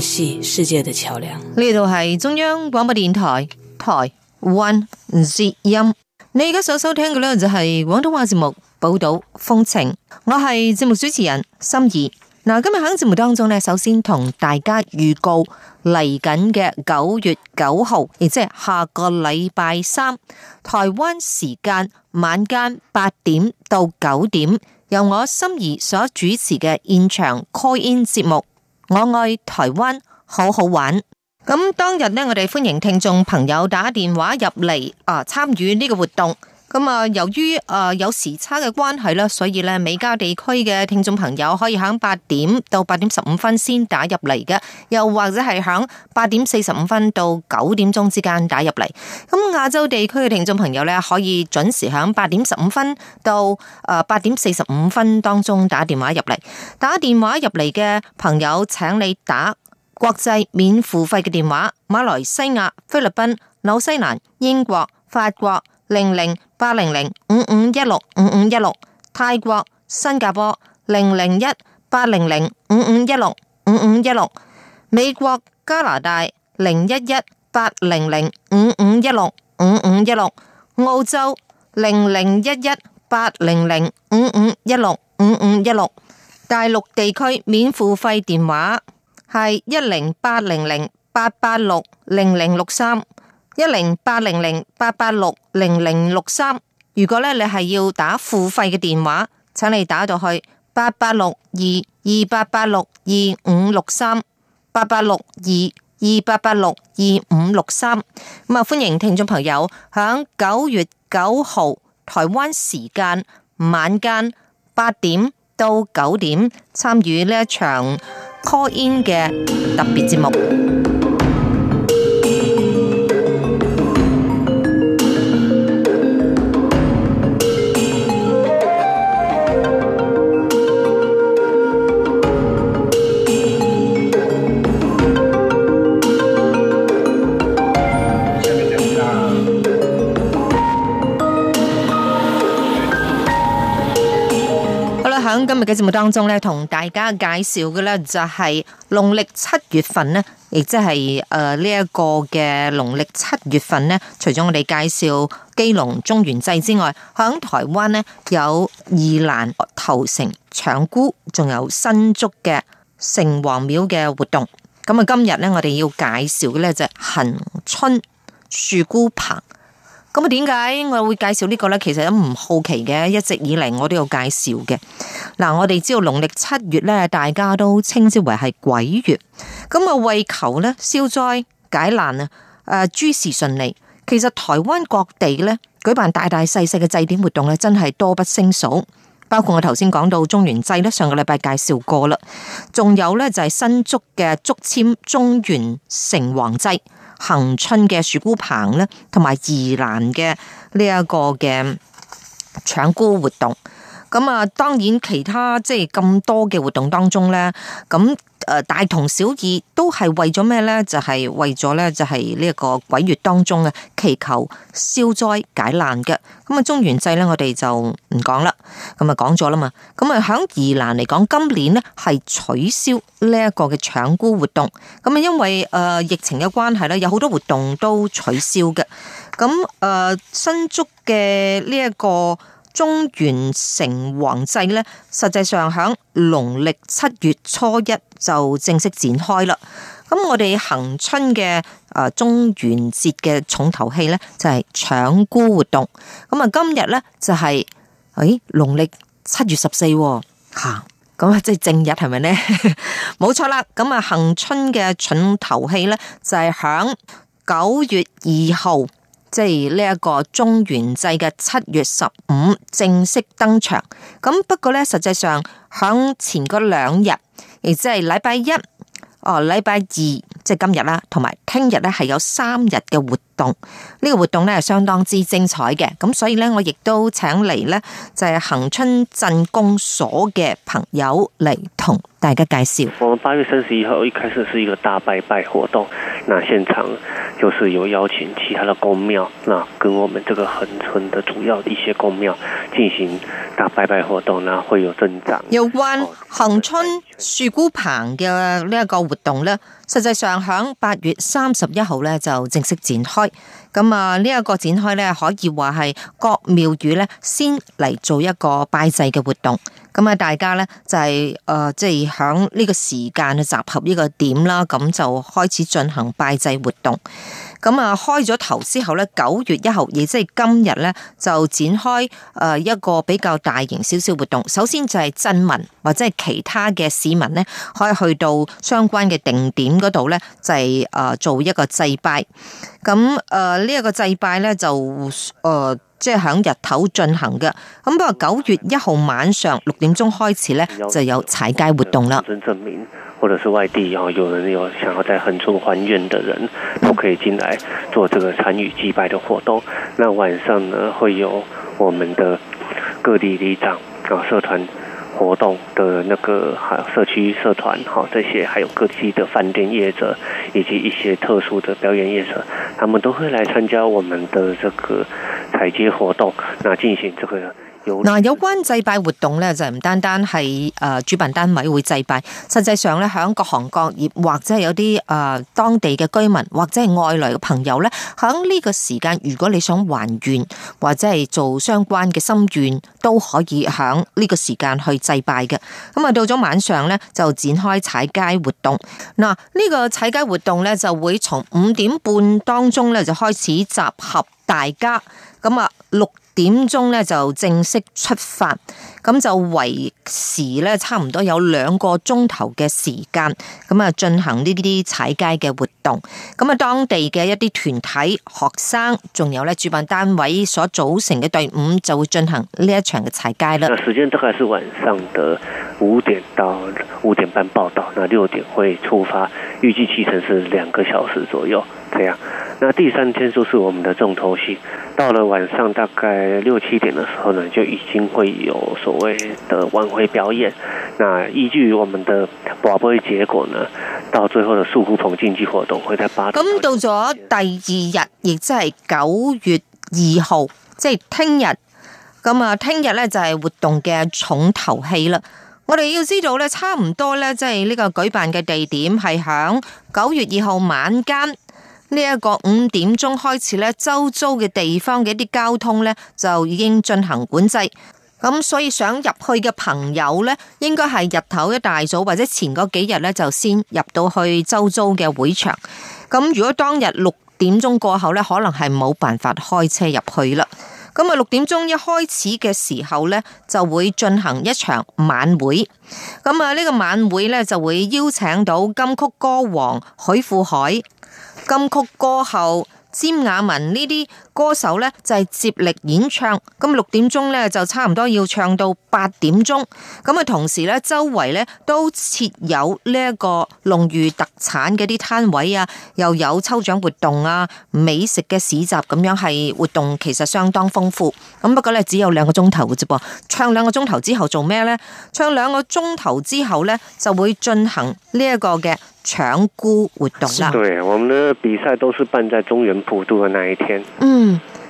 係世界的橋樑。呢度係中央廣播電台台灣之音。你而家所收聽嘅呢，就係廣東話節目《寶島風情》，我係節目主持人心怡。嗱，今日喺節目當中咧，首先同大家預告嚟緊嘅九月九號，亦即係下個禮拜三，台灣時間晚間八點到九點，由我心怡所主持嘅現場 call in 節目。我愛台灣，好好玩。咁當日呢，我哋歡迎聽眾朋友打電話入嚟啊，參與呢個活動。咁啊，由於誒有時差嘅關係啦，所以咧，美加地區嘅聽眾朋友可以喺八點到八點十五分先打入嚟嘅，又或者係喺八點四十五分到九點鐘之間打入嚟。咁亞洲地區嘅聽眾朋友咧，可以準時喺八點十五分到誒八點四十五分當中打電話入嚟。打電話入嚟嘅朋友請你打國際免付費嘅電話，馬來西亞、菲律賓、紐西蘭、英國、法國零零。00，八零零五五一六五五一六，泰國、新加坡零零一八零零五五一六五五一六，美國、加拿大零一一八零零五五一六五五一六，澳洲零零一一八零零五五一六五五一六，大陸地區免付費電話係一零八零零八八六零零六三。一零八零零八八六零零六三，如果咧你係要打付費嘅電話，請你打到去八八六二二八八六二五六三八八六二二八八六二五六三咁啊，歡迎聽眾朋友響九月九號台灣時間晚間八點到九點參與呢一場 call in 嘅特別節目。節目當中咧，同大家介紹嘅咧就係農曆七月份咧，亦即係誒呢一個嘅農曆七月份咧。除咗我哋介紹基隆中元祭之外，響台灣咧有宜蘭頭城搶孤，仲有新竹嘅城隍廟嘅活動。咁啊，今日咧我哋要介紹嘅咧就係恆春豎孤棚。咁啊，點解我會介紹呢個呢？其實都唔好奇嘅，一直以嚟我都有介紹嘅。嗱，我哋知道農曆七月呢，大家都稱之為係鬼月。咁啊，為求呢消災解難啊，諸事順利。其實台灣各地呢，舉辦大大細細嘅祭典活動呢，真係多不勝數。包括我頭先講到中元祭呢，上個禮拜介紹過啦。仲有呢，就係新竹嘅竹塹中元城隍祭。恆春嘅豎孤棚咧，同埋宜蘭嘅呢一個嘅搶孤活動，咁啊，當然其他即係咁多嘅活動當中咧，咁。誒，大同小異，都係為咗咩呢？就係、是、為咗呢，就係呢一個鬼月當中嘅祈求消災解難嘅。咁啊，中元祭呢，我哋就唔講啦。咁啊，講咗啦嘛。咁啊，響宜蘭嚟講，今年呢係取消呢一個嘅搶孤活動。咁啊，因為誒、呃、疫情嘅關係咧，有好多活動都取消嘅。咁誒、呃，新竹嘅呢一個。中元城隍祭咧，實際上響農曆七月初一就正式展開啦。咁我哋恆春嘅誒中元節嘅重頭戲咧，就係搶孤活動。咁啊，今日咧就係誒農曆七月十四吓，啊，咁啊即係正日係咪咧？冇錯啦。咁啊，恆春嘅重頭戲咧就係響九月二號，即係呢一個中元節嘅七月十五正式登場，咁不過咧，實際上響前嗰兩日，亦即係禮拜一，哦，禮拜二。即係今日啦，同埋聽日咧，係有三日嘅活動。呢個活動咧係相當之精彩嘅，咁所以咧我亦都請嚟，咧就係恒春鎮公所嘅朋友嚟同大家介紹。我們八月三十一號一開始是一個大拜拜活動，那現場就是有邀請其他的宮廟，那跟我們這個恒春的主要一些宮廟進行大拜拜活動，呢會有增長。有關恒春豎孤棚嘅呢一個活動咧。實際上響八月三十一號咧就正式展開，咁啊呢一個展開咧可以話係各廟宇咧先嚟做一個拜祭嘅活動，咁啊大家咧就係誒即係響呢個時間去集合呢個點啦，咁就開始進行拜祭活動。咁啊，開咗頭之後咧，九月一號，亦即係今日咧，就展開誒一個比較大型少少活動。首先就係鎮民或者係其他嘅市民咧，可以去到相關嘅定點嗰度咧，就係誒做一個祭拜。咁誒呢一個祭拜咧，就、呃、誒。即係喺日頭進行嘅，咁不過九月一號晚上六點鐘開始呢，就有踩街活動啦。或者係外地有人有想要在恆春還願的人都可以進來做這個參與祭拜的活動。那晚上呢，會有我們的各地里長啊、社團活動的那個社區社團，好，這些還有各地的飯店業者以及一些特殊的表演業者，他們都會來參加我們的這個。祭節活動嗱，有嗱有關祭拜活動咧，就唔單單係誒主辦單位會祭拜，實際上咧響各行各業或者係有啲誒、呃、當地嘅居民或者係外來嘅朋友咧，響呢個時間，如果你想還願或者係做相關嘅心願，都可以響呢個時間去祭拜嘅。咁啊，到咗晚上咧就展開踩街活動。嗱，呢個踩街活動咧就會從五點半當中咧就開始集合大家。咁啊，六點鐘咧就正式出發，咁就維持咧差唔多有兩個鐘頭嘅時間，咁啊進行呢啲踩街嘅活動。咁啊，當地嘅一啲團體、學生，仲有咧主辦單位所組成嘅隊伍，就會進行呢一場嘅踩街啦。那時間大概是晚上的五點到五點半報道，那六點會出發，預計期程是兩個小時左右，這樣。那第三天就是我們的重頭戲。到了晚上大概六七點的時候呢，就已經會有所謂的晚會表演。那依據我們的廣播結果呢，到最後的豎孤棚競技活動會在八點。咁到咗第二日，亦即係九月二號，即係聽日。咁啊，聽日呢就係活動嘅重頭戲啦。我哋要知道呢，差唔多呢，即係呢個舉辦嘅地點係響九月二號晚間。呢、這、一個五點鐘開始咧，周遭嘅地方嘅一啲交通咧就已經進行管制，咁所以想入去嘅朋友咧，應該係日頭一大早或者前嗰幾日咧就先入到去周遭嘅會場。咁如果當日六點鐘過後咧，可能係冇辦法開車入去啦。咁啊，六點鐘一開始嘅時候咧，就會進行一場晚會。咁啊，呢個晚會咧就會邀請到金曲歌王許富凱，金曲歌后詹雅雯呢啲。歌手咧就係、是、接力演唱，咁六點鐘咧就差唔多要唱到八點鐘，咁啊同時咧周圍咧都設有呢一個農漁特產嘅啲攤位啊，又有抽獎活動啊，美食嘅市集咁樣係活動，其實相當豐富。咁不過咧只有兩個鐘頭嘅啫噃，唱兩個鐘頭之後做咩咧？唱兩個鐘頭之後咧就會進行呢一個嘅搶孤活動啦。對，我們嘅比賽都是辦在中元普渡嘅那一天。嗯。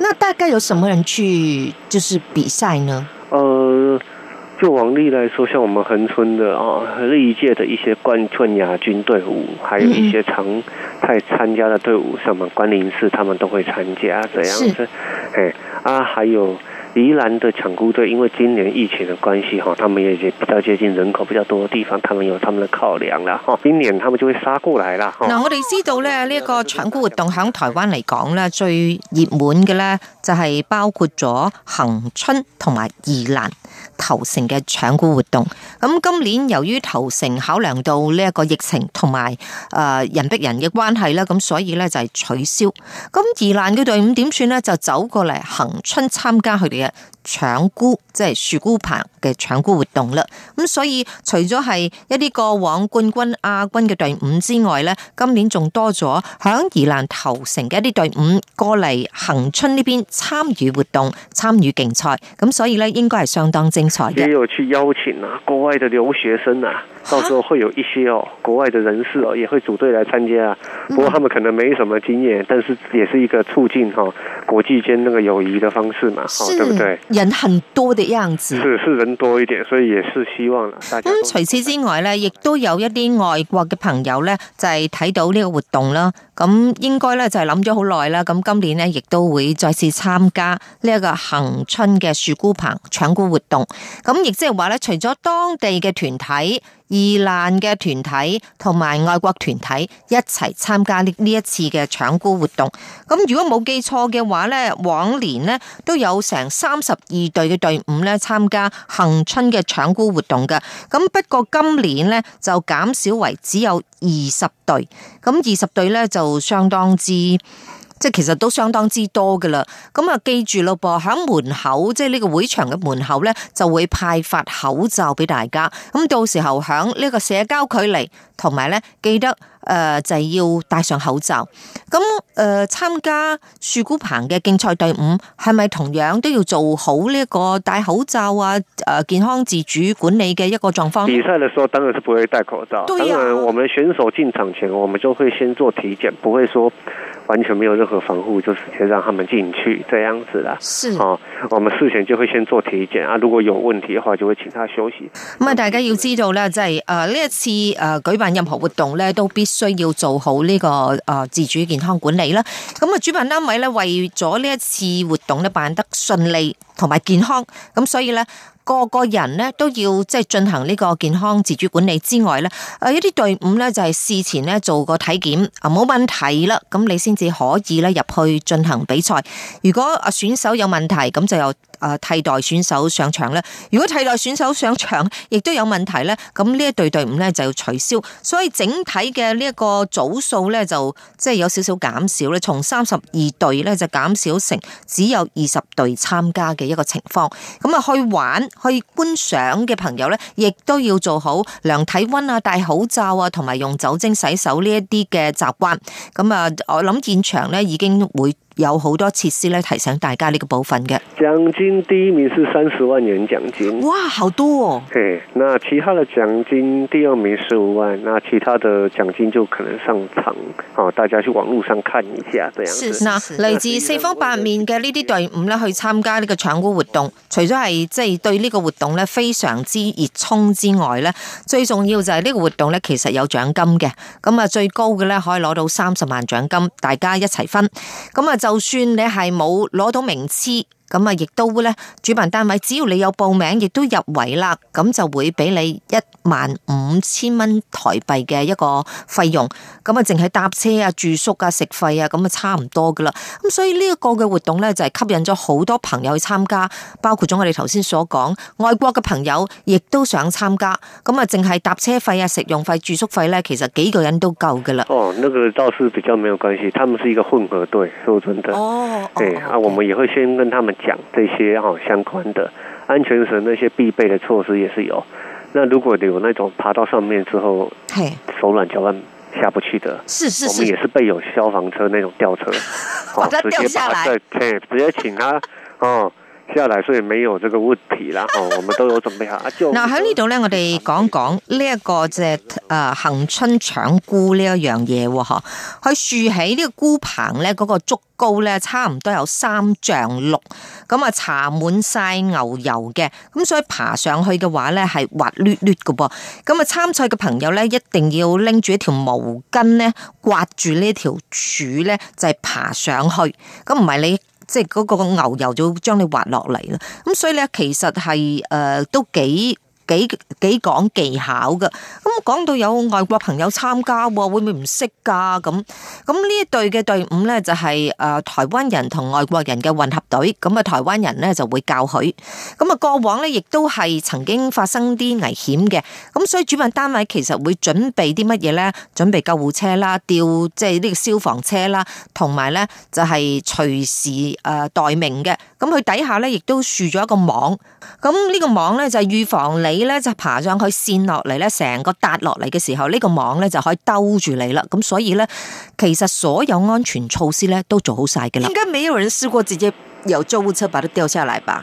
那大概有什麼人去就是比賽呢？呃，就往例來說，像我們恆春的啊，哦、歷屆的一些冠、冠亞軍隊伍，還有一些常態參加的隊伍，什麼關林寺，他們都會參加，怎樣子、哎。啊，還有。宜蘭的搶孤隊，因為今年疫情的關係，哈，他們也比較接近人口比較多的地方，他們有他們的考量啦，今年他們就會殺過來啦。嗱，我哋知道咧，呢一個搶孤活動喺台灣嚟講咧，最熱門嘅咧。就係、是、包括咗恆春同埋宜蘭頭城嘅搶孤活動，咁今年由於頭城考量到呢一個疫情同埋誒人逼人嘅關係咧，咁所以咧就係取消。咁宜蘭嘅隊伍點算咧？就走過嚟恆春參加佢哋嘅搶孤。即係豎孤棚嘅搶孤活動啦，咁所以除咗係一啲過往冠軍、亞軍嘅隊伍之外呢，今年仲多咗響宜蘭頭城嘅一啲隊伍過嚟恒春呢邊參與活動、參與競賽，咁所以呢，應該係相當精彩嘅。也有去邀請啊，國外嘅留學生啊。到時候會有一些哦，國外的人士哦，也會組隊來參加，啊，不過他們可能沒什麼經驗，但是也是一個促進哈，哦、國際間那個友誼的方式嘛，哦，對不對？人很多的樣子，是是人多一點，所以也是希望啦。大家，嗯、除此之外呢，亦都有一啲外國嘅朋友呢，就係睇到呢個活動啦。咁應該咧就係諗咗好耐啦。咁今年呢亦都會再次參加呢一個恆春嘅豎孤棚搶孤活動。咁亦即係話咧，除咗當地嘅團體、宜蘭嘅團體同埋外國團體一齊參加呢呢一次嘅搶孤活動。咁如果冇記錯嘅話呢，往年呢都有成三十二隊嘅隊伍咧參加恆春嘅搶孤活動嘅。咁不過今年呢就減少為只有二十隊。咁二十隊呢就。相當之，即係其實都相當之多噶啦，咁啊記住咯噃，喺門口即係呢個會場嘅門口呢就會派發口罩俾大家。咁到時候喺呢個社交距離，同埋呢記得誒、呃、就要戴上口罩。咁誒參加豎孤棚嘅競賽隊伍係咪同樣都要做好呢個戴口罩啊？誒健康自主管理嘅一個狀況。比賽嘅時候當然是不會戴口罩。當然我們選手進場前，我們就會先做體檢，不會說。完全沒有任何防護，就直接讓他們進去這樣子啦。是，啊、我們事前就會先做體檢啊，如果有問題嘅話，就會請他休息。咁、嗯、啊，大家要知道咧，即係誒呢一次誒、呃、舉辦任何活動咧，都必須要做好呢、這個誒、呃、自主健康管理啦。咁啊，主辦單位咧為咗呢一次活動咧辦得順利。同埋健康，咁所以咧，個個人咧都要即係進行呢個健康自主管理之外咧，誒一啲隊伍咧就係事前咧做個體檢啊，冇問題啦，咁你先至可以咧入去進行比賽。如果啊選手有問題，咁就有誒替代選手上場咧。如果替代選手上場亦都有問題咧，咁呢一隊隊伍咧就要取消。所以整體嘅呢一個組數咧就即係、就是、有少少減少咧，從三十二隊咧就減少成只有二十隊參加嘅。一個情況，咁啊去玩去觀賞嘅朋友呢，亦都要做好量體溫啊、戴口罩啊、同埋用酒精洗手呢一啲嘅習慣。咁啊，我諗現場呢已經會有好多設施咧，提醒大家呢個部分嘅獎金第一名是三十萬元獎金，哇，好多哦！係，那其他的獎金第二名十五萬，那其他的獎金就可能上場哦。大家去網絡上看一下，這樣子。是，嚟自四方八面嘅呢啲隊伍去參加呢個搶孤活動，除咗係即係對呢個活動呢，非常之熱衷之外呢，最重要就係呢個活動呢其實有獎金嘅，咁啊最高嘅呢可以攞到三十萬獎金，大家一齊分，咁啊。就算你係冇攞到名次。咁啊，亦都咧，主辦單位只要你有報名，亦都入圍啦，咁就會俾你一萬五千蚊台幣嘅一個費用。咁啊，淨係搭車啊、住宿啊、食費啊，咁啊差唔多噶啦。咁所以呢一個嘅活動咧，就係吸引咗好多朋友去參加，包括咗我哋頭先所講外國嘅朋友，亦都想參加。咁啊，淨係搭車費啊、食用費、住宿費咧，其實幾個人都夠噶啦。哦，那個倒是比較沒有關係，他們是一個混合隊，說準隊哦，對哦、okay. 啊，我們也會先跟他們。講這些哦相關，的安全繩那些必備的措施也是有。那如果有那種爬到上面之後，hey. 手軟腳軟下不去的，是是是，我們也是備有消防車那種吊車， 哦、他直接把它吊下來，對，直接請他 哦。下來，所以沒有這個問題啦、 哦。我們都有準備下。嗱，喺呢度咧，我哋講講呢、這、一個即係誒，恆春搶孤呢一樣嘢、哦，嗬，佢豎起呢個孤棚咧，嗰、那個竹篙咧，差唔多有三丈六，咁、嗯、啊，搽滿晒牛油嘅，咁、嗯、所以爬上去嘅話咧，係滑捋捋嘅噃，咁、嗯、啊，參賽嘅朋友咧，一定要拎住一條毛巾咧，刮住呢條柱咧，就係、是、爬上去，咁唔係你。即係嗰個牛油就將你滑落嚟啦，咁所以咧，其實係誒都幾。幾幾講技巧噶，咁講到有外國朋友參加喎，會唔會唔識噶？咁咁呢一隊嘅隊伍呢，就係誒台灣人同外國人嘅混合隊，咁啊台灣人呢，就會教佢，咁啊過往呢，亦都係曾經發生啲危險嘅，咁所以主辦單位其實會準備啲乜嘢呢？準備救護車啦，吊即係呢個消防車啦，同埋呢就係隨時誒待命嘅。咁佢底下咧，亦都豎咗一個網。咁呢個網咧，就係預防你咧，就爬上去下來，線落嚟咧，成個搭落嚟嘅時候，呢個網咧就可以兜住你啦。咁所以咧，其實所有安全措施咧都做好晒㗎啦。應該沒有人試過直接由租車把佢掉下來吧？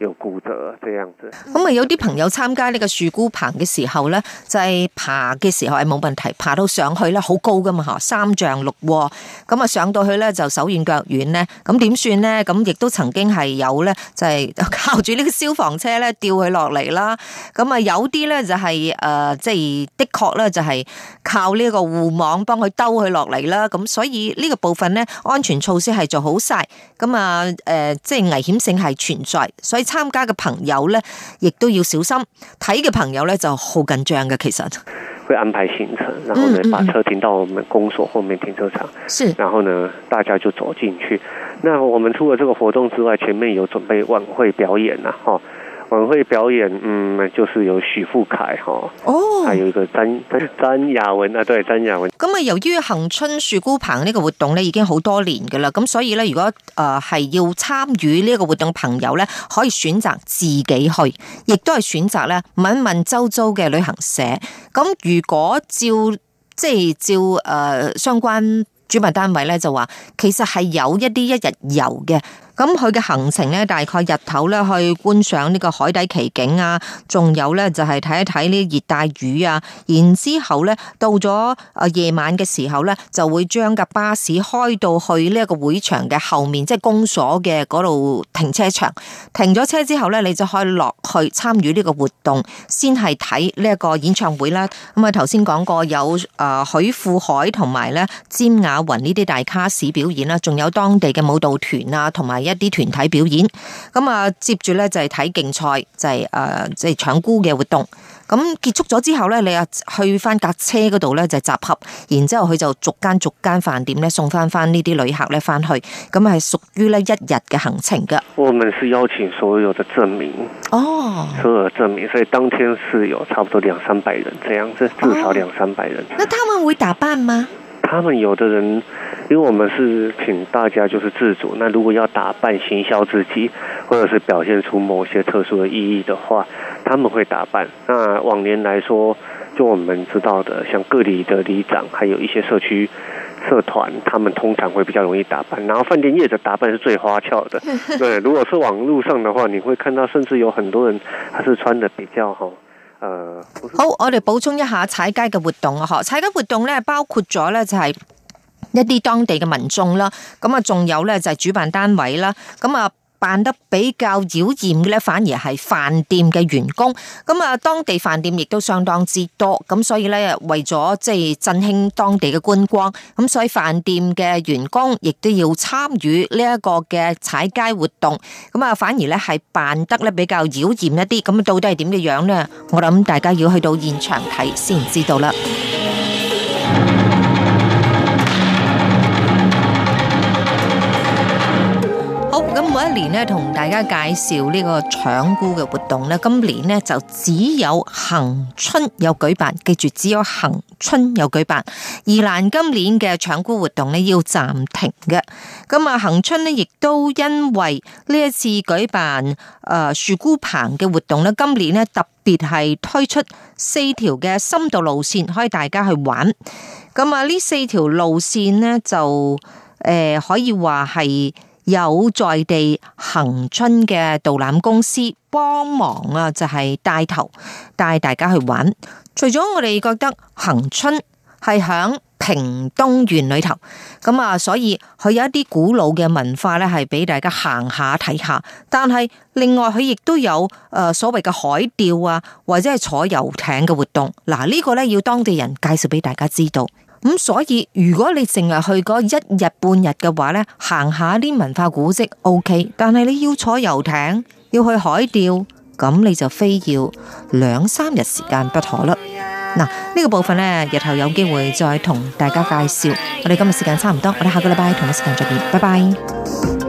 有骨折啊，這樣子。咁啊，有啲朋友參加呢個豎孤棚嘅時候咧，就係、是、爬嘅時候係冇問題，爬到上去咧好高㗎嘛嚇，三丈六喎。咁啊，上到去咧就手軟腳軟咧，咁點算咧？咁亦都曾經係有咧，就係靠住呢個消防車咧吊佢落嚟啦。咁啊、就是，有啲咧就係誒，即係的確咧就係靠呢個護網幫佢兜佢落嚟啦。咁所以呢個部分咧安全措施係做好晒。咁啊誒，即、呃、係、就是、危險性係存在，所以。參加嘅朋友呢，亦都要小心；睇嘅朋友呢就好緊張嘅。其實會安排行程，然後呢，把車停到我們公所後面停車場，是，然後呢，大家就走進去。那我們除了這個活動之外，前面有準備晚會表演啊晚會表演，嗯，就是有許富凱哦，還有一個詹詹雅雯啊，對，詹雅雯。咁啊，由於恆春豎孤棚呢個活動咧已經好多年噶啦，咁所以咧，如果誒係要參與呢個活動，朋友咧可以選擇自己去，亦都係選擇咧問一問周遭嘅旅行社。咁如果照即係照誒相關主辦單位咧就話，其實係有一啲一日遊嘅。咁佢嘅行程咧，大概日頭咧去觀賞呢個海底奇景啊，仲有咧就係、是、睇一睇呢熱帶魚啊，然之後咧到咗夜晚嘅時候咧，就會將架巴士開到去呢一個會場嘅後面，即、就、係、是、公所嘅嗰度停車場，停咗車之後咧，你就可以落。去參與呢個活動，先係睇呢一個演唱會啦。咁啊，頭先講過有誒許富凱同埋咧詹雅雲呢啲大卡士表演啦，仲有當地嘅舞蹈團啊同埋一啲團體表演。咁啊，接住咧就係睇競賽，就係誒即係搶孤嘅活動。咁結束咗之後呢，你又去翻架車嗰度呢，就集合，然之後佢就逐間逐間飯店呢，送翻翻呢啲旅客呢翻去，咁係屬於呢一日嘅行程㗎。我們是邀請所有的證明哦，所有的證明，所以當天是有差不多兩三百人，這樣，至少兩三百人。那他們會打扮嗎？他們有的人，因為我們是請大家就是自主，那如果要打扮行銷自己。或者是表現出某些特殊的意義的話，他們會打扮。那往年來說，就我們知道的，像各里的里長，還有一些社區社團，他們通常會比較容易打扮。然後飯店業者打扮是最花俏的。對，如果是網路上的話，你會看到甚至有很多人，他是穿得比較好。呃，好，我哋補充一下踩街嘅活動啊，嗬，踩街活動咧包括咗咧就係一啲當地嘅民眾啦，咁啊，仲有咧就係主辦單位啦，咁啊。辦得比較妖艷嘅咧，反而係飯店嘅員工。咁啊，當地飯店亦都相當之多，咁所以咧，為咗即係振興當地嘅觀光，咁所以飯店嘅員工亦都要參與呢一個嘅踩街活動。咁啊，反而咧係辦得咧比較妖艷一啲。咁到底係點嘅樣呢？我諗大家要去到現場睇先知道啦。每一年咧，同大家介紹呢個搶孤嘅活動咧。今年咧就只有恆春有舉辦，記住只有恆春有舉辦。宜蘭今年嘅搶孤活動咧要暫停嘅。咁啊，恆春咧亦都因為呢一次舉辦誒豎、呃、孤棚嘅活動咧，今年咧特別係推出四條嘅深度路線，可以大家去玩。咁啊，呢四條路線咧就誒、呃、可以話係。有在地恆春嘅導覽公司幫忙啊，就係帶頭帶大家去玩。除咗我哋覺得恆春係響屏東縣裏頭，咁啊，所以佢有一啲古老嘅文化咧，係俾大家行下睇下。但係另外佢亦都有誒所謂嘅海釣啊，或者係坐遊艇嘅活動。嗱，呢個咧要當地人介紹俾大家知道。咁、嗯、所以如果你淨係去嗰一日半日嘅話呢行下啲文化古蹟 O K，但係你要坐遊艇，要去海釣，咁你就非要兩三日時間不可啦。嗱，呢、呢個部分呢，日後有機會再同大家介紹。我哋今日時間差唔多，我哋下個禮拜同一時間再見，拜拜。